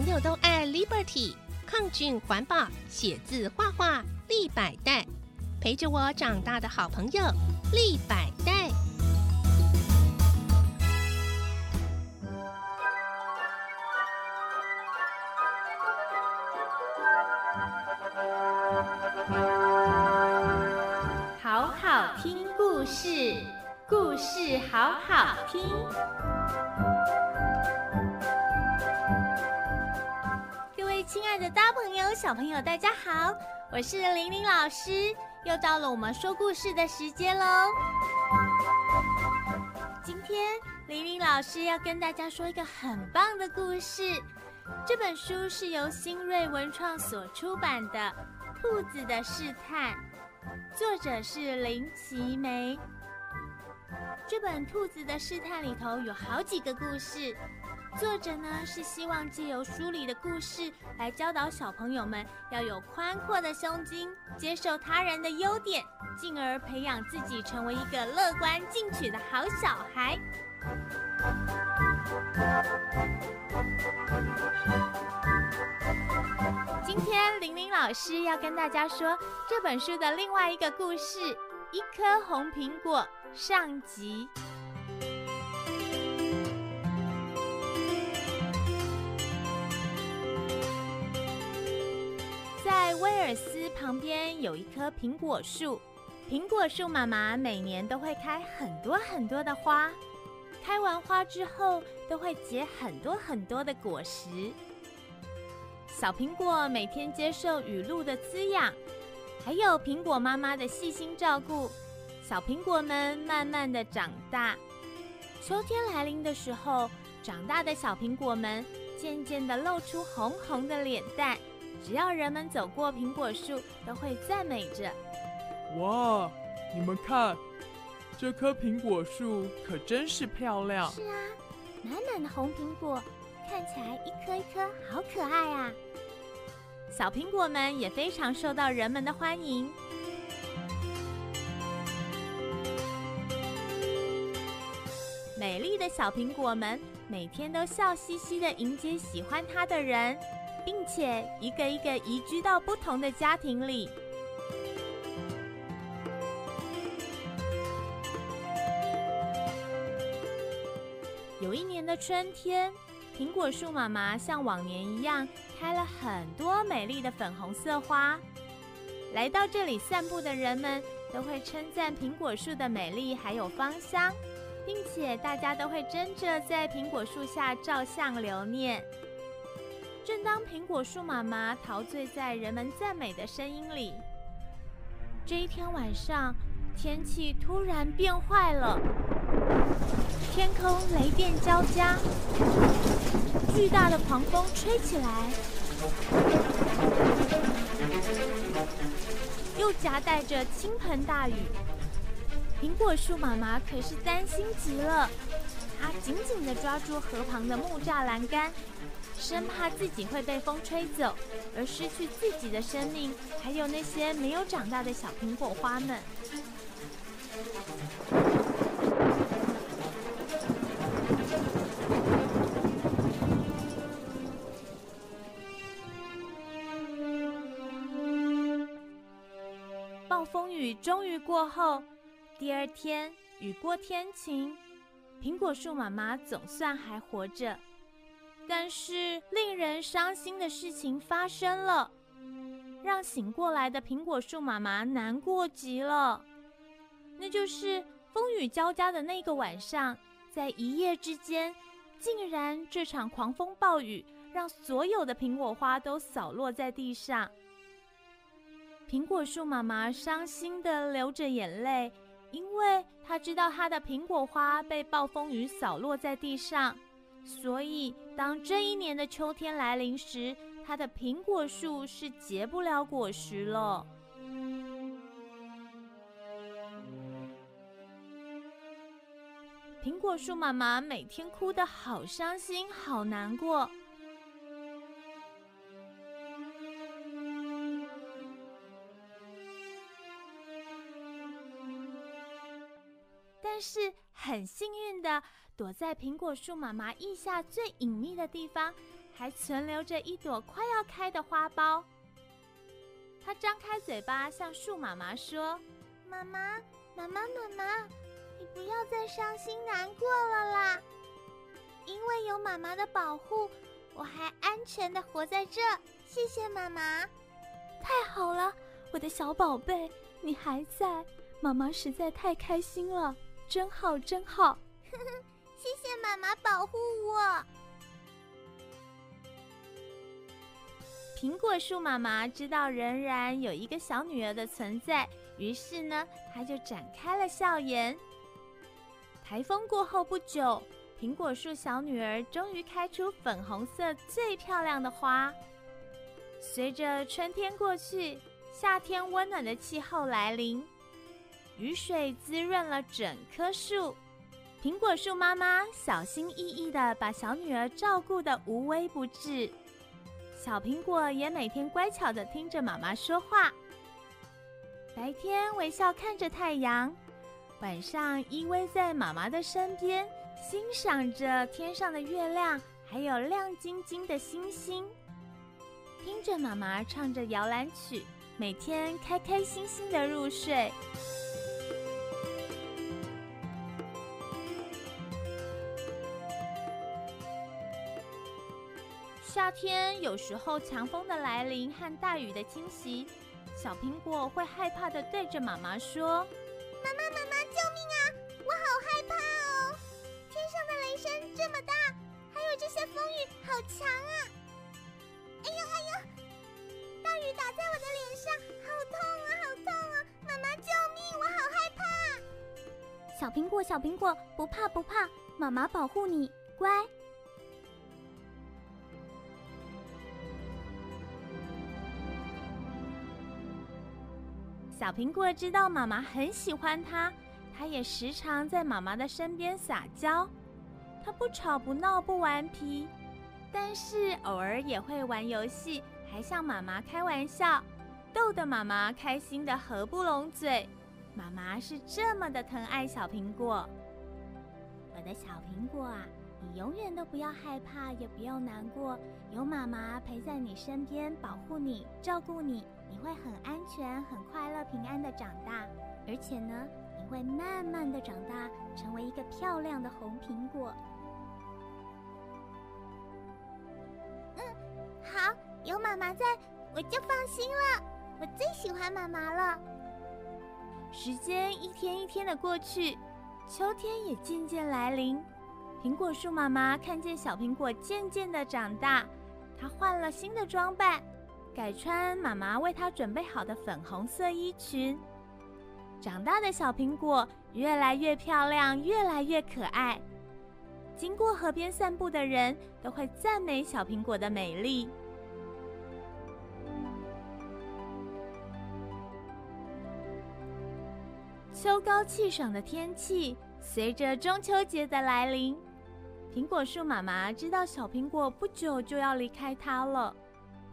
朋友都愛 Liberty，抗菌環保，寫字畫畫，利百代，陪着我長大的好朋友利百代。好好聽故事，故事好好好聽。小朋友，大家好，我是玲玲老師，又到了我們說故事的時間嘍。今天玲玲老師要跟大家說一個很棒的故事，這本書是由新銳文創所出版的《兔子的試探》，作者是林奇梅。這本《兔子的試探》裡頭有好幾個故事，作者呢是希望借由書裡的故事來教導小朋友們要有寬闊的胸襟，接受他人的優點，進而培養自己成為一個樂觀進取的好小孩。今天玲玲老師要跟大家說這本書的另外一個故事——一顆紅蘋果。上集，在威爾斯旁邊有一棵蘋果樹。蘋果樹媽媽每年都會開很多很多的花，開完花之後都會結很多很多的果實。小蘋果每天接受雨露的滋養，還有蘋果媽媽的細心照顧。小蘋果們慢慢的長大，秋天來臨的時候，長大的小蘋果們漸漸的露出紅紅的臉蛋。只要人們走過蘋果樹，都會讚美着：“哇，你們看，這棵蘋果樹可真是漂亮！”“是啊，滿滿的紅蘋果，看起來一顆一顆好可愛啊！”小蘋果們也非常受到人們的歡迎。美麗的小蘋果們每天都笑嘻嘻的迎接喜歡它的人，並且一個一個移居到不同的家庭裡。有一年的春天，蘋果樹媽媽像往年一樣開了很多美麗的粉紅色花。來到這裡散步的人們都會稱讚蘋果樹的美麗還有芳香。並且大家都會爭着在蘋果樹下照相留念。正當蘋果樹媽媽陶醉在人們讚美的聲音裡，這一天晚上天氣突然變壞了，天空雷電交加，巨大的狂風吹起來，又夾帶着傾盆大雨。蘋果樹媽媽可是擔心極了，她緊緊的抓住河旁的木柵欄杆，生怕自己會被風吹走，而失去自己的生命，還有那些沒有長大的小蘋果花們。暴風雨終於過後。第二天，雨過天晴，蘋果樹媽媽總算還活着，但是令人傷心的事情發生了，讓醒過來的蘋果樹媽媽難過極了。那就是風雨交加的那個晚上，在一夜之間，竟然這場狂風暴雨讓所有的蘋果花都掃落在地上。蘋果樹媽媽傷心地流着眼淚。因為他知道他的蘋果花被暴風雨掃落在地上，所以當這一年的秋天來臨時，他的蘋果樹是結不了果實了。蘋果樹媽媽每天哭得好傷心，好難過。但是很幸運的，躲在蘋果樹媽媽腋下最隱秘的地方，還存留着一朵快要開的花苞。他張開嘴巴向樹媽媽說：“媽媽，媽媽，媽，媽媽，你不要再傷心難過了啦！因為有媽媽的保護，我還安全的活在這。謝謝媽媽！太好了，我的小寶貝，你還在，媽媽實在太開心了。”真好，真好，真好！謝謝媽媽保護我。蘋果樹媽媽知道仍然有一個小女兒的存在，於是呢，她就展開了笑顏。台風過後不久，蘋果樹小女兒終於開出粉紅色最漂亮的花。隨着春天過去，夏天溫暖的氣候來臨。雨水滋潤了整棵樹。蘋果樹媽媽小心翼翼的把小女兒照顧得無微不至。小蘋果也每天乖巧的聽着媽媽說話。白天微笑看着太陽，晚上依偎在媽媽的身邊，欣賞着天上的月亮，還有亮晶晶的星星。聽着媽媽唱着搖籃曲，每天開開心心的入睡。夏天有時候，強風的來臨和大雨的侵襲，小蘋果會害怕地對着媽媽說：“媽媽媽媽，救命啊！我好害怕哦！天上的雷聲這麼大，還有這些風雨好強啊！哎呦哎呦，大雨打在我的臉上，好痛啊好痛啊！媽媽救命，我好害怕！”小蘋果小蘋果，不怕不怕，媽媽保護你，乖。小蘋果知道媽媽很喜歡它，它也時常在媽媽的身邊撒嬌。它不吵不鬧不頑皮，但是偶爾也會玩遊戲，還向媽媽開玩笑，逗得媽媽開心得合不攏嘴。媽媽是這麼的疼愛小蘋果。我的小蘋果啊，你永遠都不要害怕，也不要難過，有媽媽陪在你身邊，保護你，照顧你。你會很安全，很快樂，平安的長大，而且呢，你會慢慢的長大，成為一個漂亮的紅蘋果。嗯，好，有媽媽在，我就放心了。我最喜歡媽媽了。時間一天一天的過去，秋天也漸漸來臨，蘋果樹媽媽看見小蘋果漸漸的長大，她換了新的裝扮。改穿媽媽為她準備好的粉紅色衣裙，長大的小蘋果越來越漂亮，越來越可愛。經過河邊散步的人都會讚美小蘋果的美麗。秋高氣爽的天氣，隨着中秋節的來臨，蘋果樹媽媽知道小蘋果不久就要離開她了。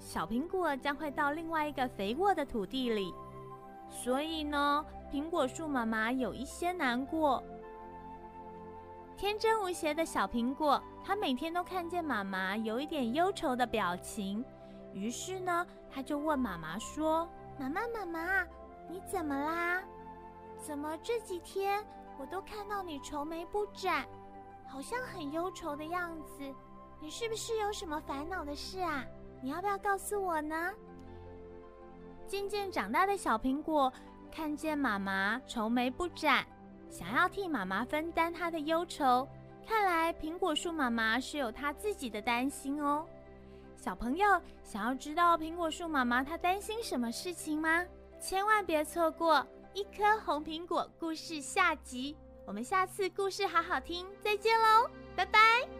小蘋果將會到另外一個肥沃的土地裡，所以呢，蘋果樹媽媽有一些難過。天真無邪的小蘋果，他每天都看見媽媽有一點憂愁的表情，於是呢，他就問媽媽說：“媽媽，媽媽，你怎麼啦？怎麼這幾天我都看到你愁眉不展，好像很憂愁的樣子？你是不是有什麼煩惱的事啊？”你要不要告訴我呢？漸漸長大的小蘋果看見媽媽愁眉不展，想要替媽媽分擔她的憂愁。看來蘋果樹媽媽是有她自己的擔心哦。小朋友，想要知道蘋果樹媽媽她擔心什麼事情嗎？千萬別錯過《一顆紅蘋果》故事下集。我們下次故事好好聽，再見嘍，拜拜。